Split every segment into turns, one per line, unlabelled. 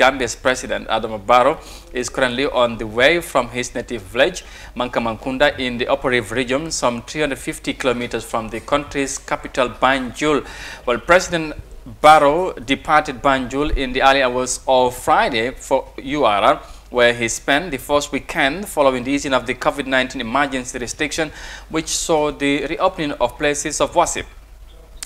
Gambia's president, Adama Barrow, is currently on the way from his native village, Mankamankunda, in the Upper River region, some 350 kilometers from the country's capital, Banjul. Well, President Barrow departed Banjul in the early hours of Friday for URR where he spent the first weekend following the easing of the COVID-19 emergency restriction, which saw the reopening of places of worship.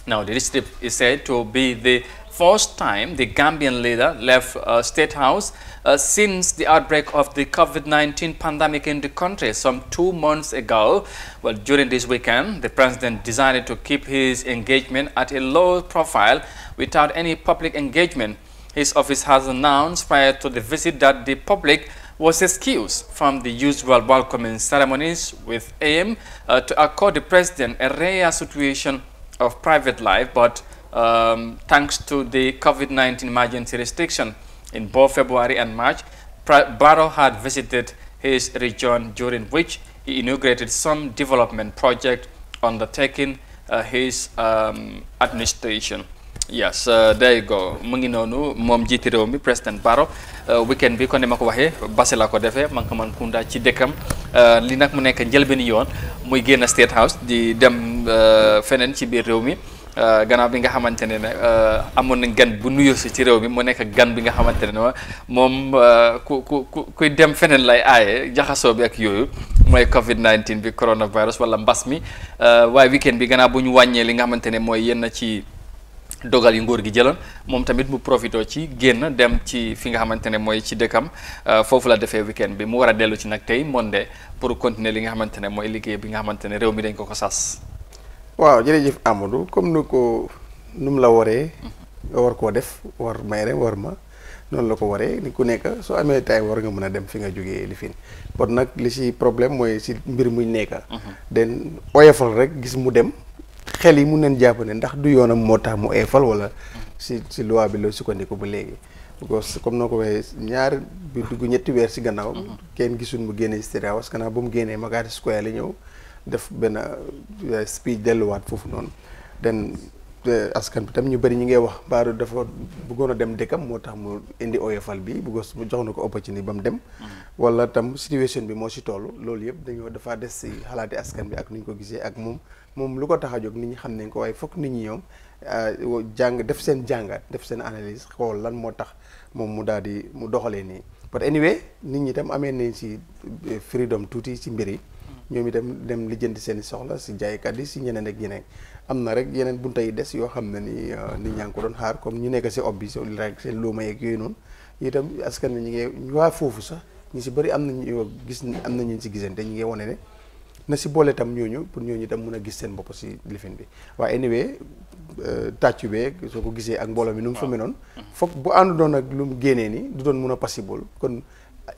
Now, the district is said to be the first time the Gambian leader left uh, State House uh, since the outbreak of the COVID-19 pandemic in the country some two months ago. Well, during this weekend, the president decided to keep his engagement at a low profile without any public engagement. His office has announced prior to the visit that the public was excused from the usual welcoming ceremonies with aim uh, to accord the president a rare situation of private life, um, thanks to the COVID-19 emergency restriction in both February and March, Barrow had visited his region during which he inaugurated some development project undertaking uh, his um, administration. yes uh, there you go mu ngi noonu moom jiiti réew mi président Barrow uh, weekend bi kon ni ma ko waxee base la ko defee Mankamantunda ci dëkkam li nag mu nekk njëlbéenu yoon muy génn State House di dem feneen ci biir réew mi Euh, gannaaw bi nga xamante ne ne euh, amoon na gan bu nuyoo si ci réew mi mu nekk gan bi nga xamante ne moom euh, ku ku ku kuy dem feneen lay aaye jaxasoo bi ak yooyu mooy Covid 19 bi coronavirus wala mbas mi waaye weekend bi gannaaw bu ñu wàññee li nga xamante ne mooy yenn ci. dogal yu nguur gi jëloon moom tamit mu profito ci génn dem ci fi nga xamante ne mooy ci dëkkam foofu la defee weekend bi mu war a dellu ci nag tey monde pour continuer li nga xamante ne mooy liggéey bi nga xamante ne réew mi dañ ko ko sas
waaw jërëjëf Amadou comme nu ko nu mu la waree. nga war koo def war may rek war ma noonu la ko waree ni ku nekk soo amee tay war nga mën a dem fi nga jógee lifin fi kon nag li si problème mooy si mbir muñ nekka den oyofal rek gis mu dem xel yi mun neen jàpp ne ndax du yoonam moo tax mu oyofal wala si si loi bi la sukkandiku ba léegi because comme noo ko waxee ñaar bi dugg ñetti weer si gannaaw kenn gisul mu génne si State kanaa ba mu génnee Makati Square la ñëw def benn euh, speech delluwaat foofu noonu den euh, askan bi tam ñu bari ñu ngay wax Barrow dafa bëggoon a dem dëkkam moo tax mu indi oyofal bi bu jox na ko opportunité ba mu dem. Mm-hmm. wala tam situation bi moo si toll. loolu yëpp dañoo dafa des si xalaati askan bi ak nu ñu ko gisee ak moom moom lu ko tax a jóg nit ñi xam nañ ko waaye foog nit ñi ñoom euh, jàng def seen jàngat def seen analyse xool lan moo tax moom mu daal di mu doxalee nii. but anyway nit ñi tam amee nañ si freedom tuuti si mbir yi. ñoom itam dem lijjanti seen i soxla si jaaykat yi si ñeneen ak ñeneen am na rek yeneen bunta yi des yoo xam ne ni euh, nit ñaa ngi ko doon xaar comme ñu nekk si ob bi rek seen luuma yeeg yooyu noonu itam askan wi ñu ngi waa foofu sax ñu si bëri am nañu gis am nañu si gisante ñu ngi wane na si boole tam ñooñu pour ñooñu itam mun a gis seen bopp si lifin bi waaye anyway euh, tàccu beeg soo ko gisee ak mbooloo mi nu mu fa menoon foog bu àndu doon ak lu mu génnee ni du doon mun a possible kon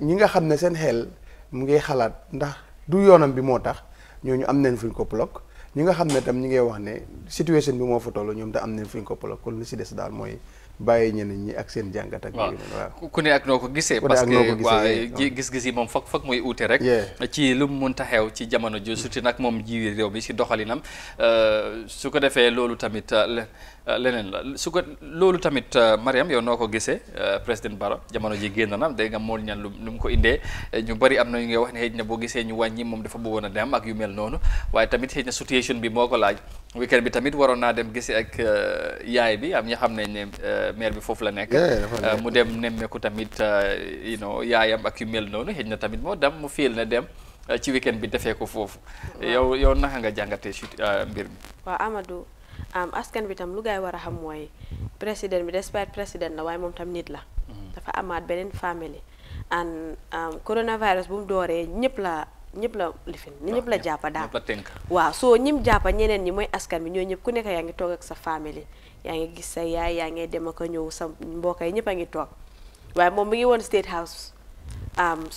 ñi nga xam ne seen xel mu ngi xalaat ndax du yoonam bi moo tax ñooñu am nañ fuñ ko bloqué ñi nga xam ne tam ñi ngay wax ne situation bi moo fa toll ñoom te am nañ fuñ ko bloqué kon li si des daal mooy bàyyi ñeneen ñi ak seen jàngat ak. waaw
ku ne ak noo ko gisee. parce que waaw gis-gis yi moom foog foog muy uute rek. ci lu mu mënta xew ci jamono ji surtout nag moom jiwi réew bi si doxalinam euh, su ko defee loolu tamit euh, euh, leneen la su ko loolu tamit Mariam yow noo ko gisee président Barrow jamono ji génn na day nga mool ñan nu mu ko indee ñu bari am na ñu nga wax ne xëy na boo gisee ñu wàññi moom dafa bëggoon a dem ak yu mel noonu waaye tamit xëy na situation bi moo ko laaj. weekend bi tamit waroon naa dem gisi ak euh, yaay bi am ña xam ne euh, maire bi foofu la nekk. Euh, mu dem nemmeeku tamit you know yaayam ak yu mel noonu xëj na tamit moo dem mu fiil na dem. ci weekend bi defee ko foofu. yow yow naka nga jàngatee si mbir mi.
waaw Amadou askan bi tam lu gaay war a xam mooy président bi despite président la waaye moom tam nit la. Mm-hmm. dafa amaat beneen famille. and um, coronavirus bu dooree ñëpp la ñëpp la lifin ñëpp la jàppa daal waaw soo ñim jàppa ñeneen ñi mooy askan bi ñoo ñëpp ku nekk yaa ngi toog ak sa famille yaa ngi gis sa yaay yaa ngi dem ak a ñëw sa mbokk yi ñëpp a ngi toog waaye moom mi ngi woon state house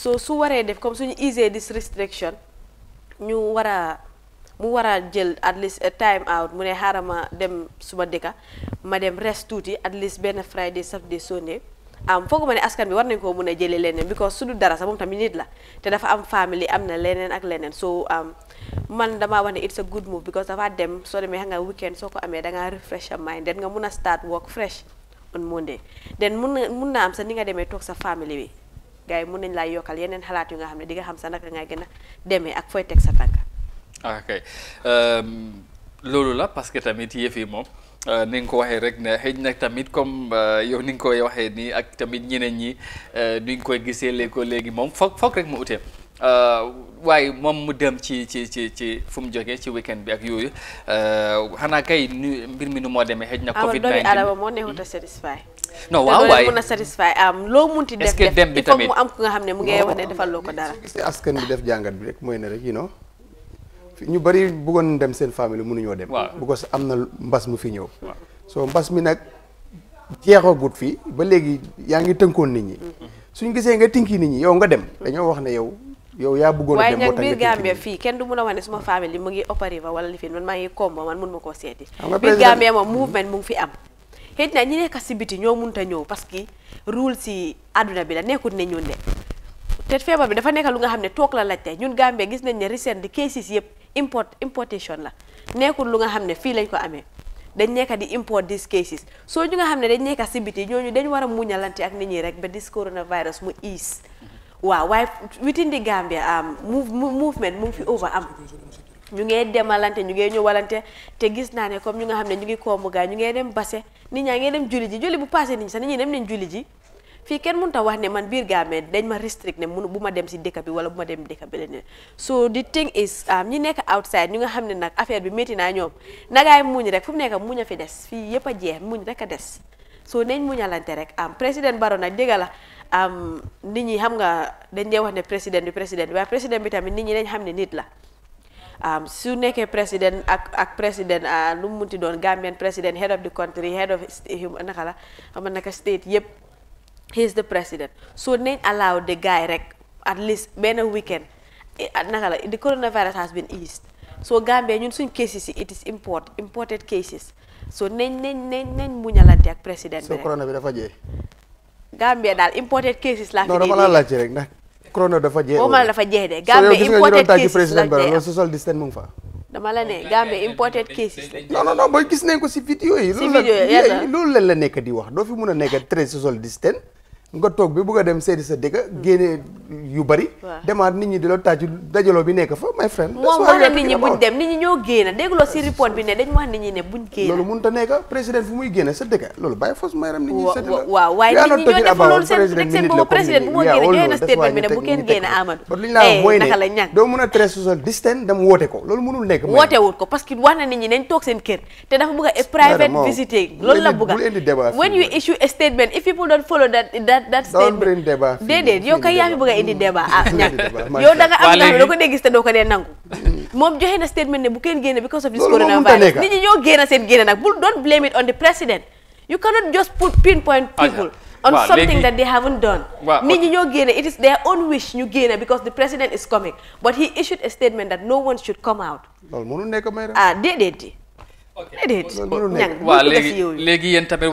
so su waree def comme suñu easee this restriction ñu war a mu war jël at least a time out mu ne xaaral ma dem suma dëkka ma dem rest tuuti at least benn Friday Saturday Sunday am fooguma ne askan bi war nañ koo mun a jëlee leneen because su du dara sax moom tamit nit la te dafa am family am na leneen ak leneen so um, man damaa wax ne it's a good move because dafa dem soo demee xam nga weekend soo ko amee da ngaa refresh your mind nga mun a start work fresh on Monday den mun na mun naa am sa ni nga demee toog sa family bi gars mun nañ laay yokkal yeneen xalaat yu nga xam ne di xam sa naka nga gën demee ak fooy teg sa tànk
ah, ok euh, loolu la parce que tamit yëf yi moom Euh, ni nga ko waxee rek ne xëy na tamit comme euh, yow ni nga koy waxee nii ak tamit ñeneen ñi duñ euh, koy gisee léegi ko léegi moom foog foog rek mu utee waaye moom mu dem ci ci ci ci fu mu jógee ci weekend bi ak yooyu xanaa kay nu mbir mi nu moo demee xëy na. Covid 19 doomi Adama
moo neexut a satisfy. non waaw waay mën a satisfy am loo munti def def il faut mu am ku nga xam ne mu ngi wax ne defal loo ko dara.
askan bi def jàngat bi rek mooy ne rek you ñu bëri bëggoon dem seen famille mënuñoo dem. waaw bu ko am na mbas mu fi ñëw. so mbas mi nag jeexagut fii ba léegi yaa ngi tënkoon nit ñi. suñu gisee nga tinki nit ñi yow nga dem dañoo wax ne yow. yow yaa bëggoon a dem waaye biir Gambie
fii kenn du a wane suma famille li mu ngi opariva wala li fi man maa ngi kombo man mun ma koo seeti. biir Gambie moom mouvement mu ngi fi am. xëy na ñi nekk si biti ñoo mënut a ñëw parce que rule si àdduna bi la nekkut ne ñun de te feebar bi dafa nekk lu nga xam ne toog la te ñun Gambie gis nañ ne recent cases yëpp import importation la nekkul lu nga xam ne fii lañ ko amee dañ nekk di import these cases soo ñu nga xam ne dañ nekk si biti ñooñu dañ war a muñalante ak nit ñi rek ba this coronavirus mu ease waaw waaye within the Gambia am um, movement mu ngi fi over am ñu ngee demalante ñu ngee ñëwalante te gis naa ne comme ñu nga xam ne ñu ngi koomu gaa ñu ngee dem base nit ñaa ngee dem julli ji julli bu passé nit ñi sax nit ñi dem nañ julli fii kenn mënut a wax ne man biir Gambie dañ ma restrict ne mënu bu ma dem si dëkk bi wala bu ma dem dëkk bi leneen so the thing is um, ñi nekk outside ñu nga xam ne nag affaire bi métti naa ñoom nagaay muñ rek fu mu nekk muñ a fi des fii yëpp a jeex muñ rek a des so nañ muñalante rek am um, président Barrow nag dégg la am um, nit ñi xam nga dañ dee wax ne président bi tamit nit ñi dañ xam ne nit la su nekkee président ak ak président uh, lu mu munti doon Gambian président head of the country head la xam naka state yëpp he is the so nañ allow the guy rek at least benn weekend ah, naka la the coronavirus has been eased so Gambia ñun suñ cases yi it is import imported cases so nañ nañ nañ nañ muñalante ak président bi rek. so corona bi dafa jee. Gambia daal imported cases laa fi. non dama la laajte
rek dafa jee. de. Gambia imported cases la jee social distance mu fa.
dama la ne Gambia imported cases la. non non gis nañ ko si
vidéo yi. loolu la la nekk di wax doo fi mun a nekk très social distance. nga toog bi bugg dem seeti sa dëkk génne yu bari. demaat nit ñi di la tàcc dajaloo bi nekk fa my friend. moom wax na nit ñi buñ
dem nit ñi ñoo génne dégloo si report bi ne dañ wax nit ñi ne buñ génne. loolu mënut
a nekk président fu muy génne sa dëkk loolu bàyyi fos may nit ñi seeti la waaw waaye nit ñi ñoo def loolu seen seen boobu président bu moo génne statement bi ne bu kenn génne
Amadou. ba ñu eh, la mooy ne la
bëgg
when you a statement if that that's don't bring débat déedéet yow kay yaa fi bëgg a indi mm, débat ah ñàkk yow da nga am na doo ko dee gis te doo ko dee nangu mm. moom joxe na statement ne bu kenn génne because of this coronavirus nit ñi ñoo génn seen génne nag bul don't blame it on the president you cannot just put pinpoint ah, people on wow, something that they haven't done. Nit ñi ñoo génne it is their own wish ñu génne because the president is coming but he issued a statement that no one should come out. loolu mënul nekk may ah déedéet. ok déedéet. loolu mënul nekk waaw léegi
léegi yéen tamit.